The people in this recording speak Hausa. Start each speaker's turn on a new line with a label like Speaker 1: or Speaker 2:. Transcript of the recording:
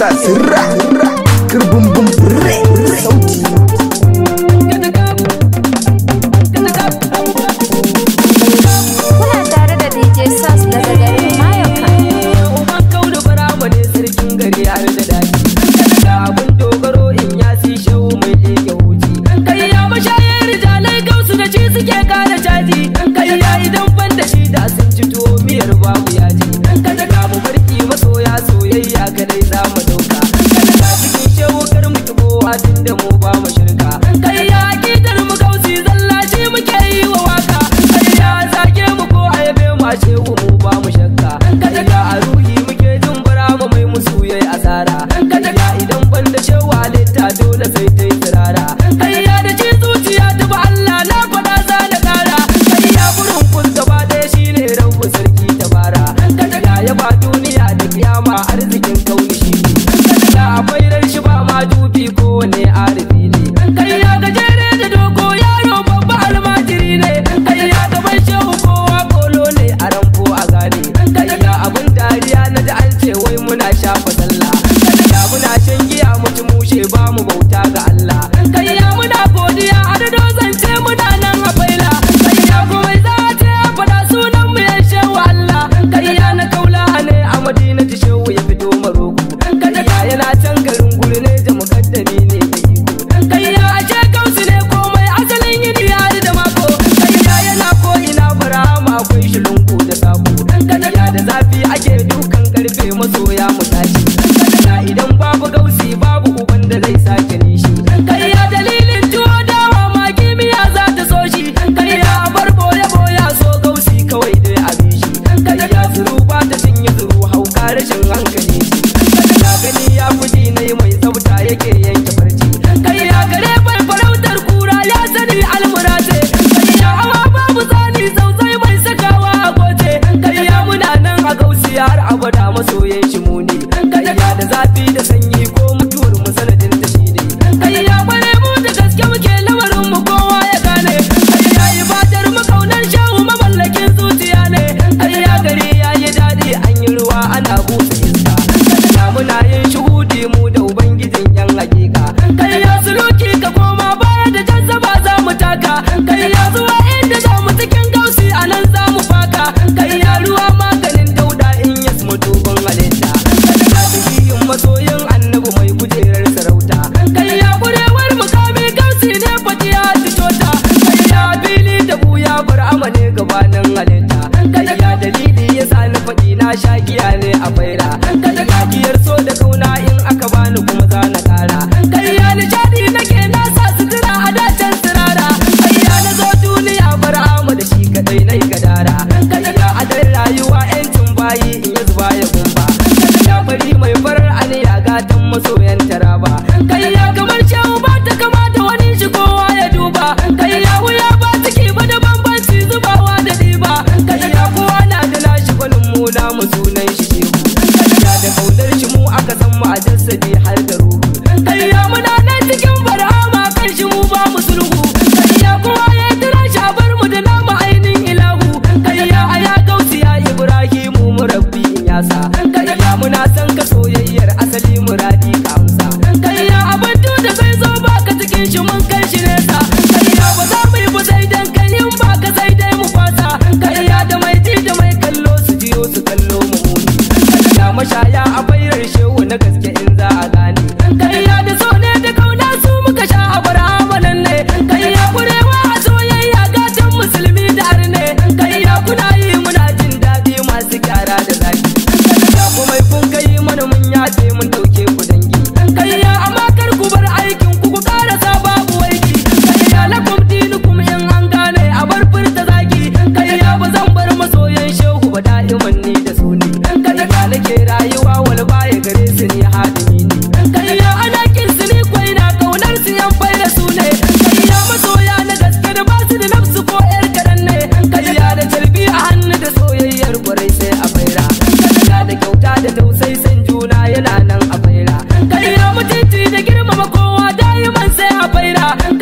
Speaker 1: sasira kerbum har a gwada masoyan muni. Ka da zafi da sai gyara ba kai ya kamar cewa ba ta kamata wani shi kowa ya duba kai ya wuya ba ciki ba da bambanci zubawa da diba kada kowa na da nashi falin mu mu sunan shi shehu ya da kaudar shi mu aka san mu a jasadi har a bayar shewa abaira sadaka da kyauta da tausayi san juna yana nan a abaira kariya mutunci da girmama kowa yi man sai abaira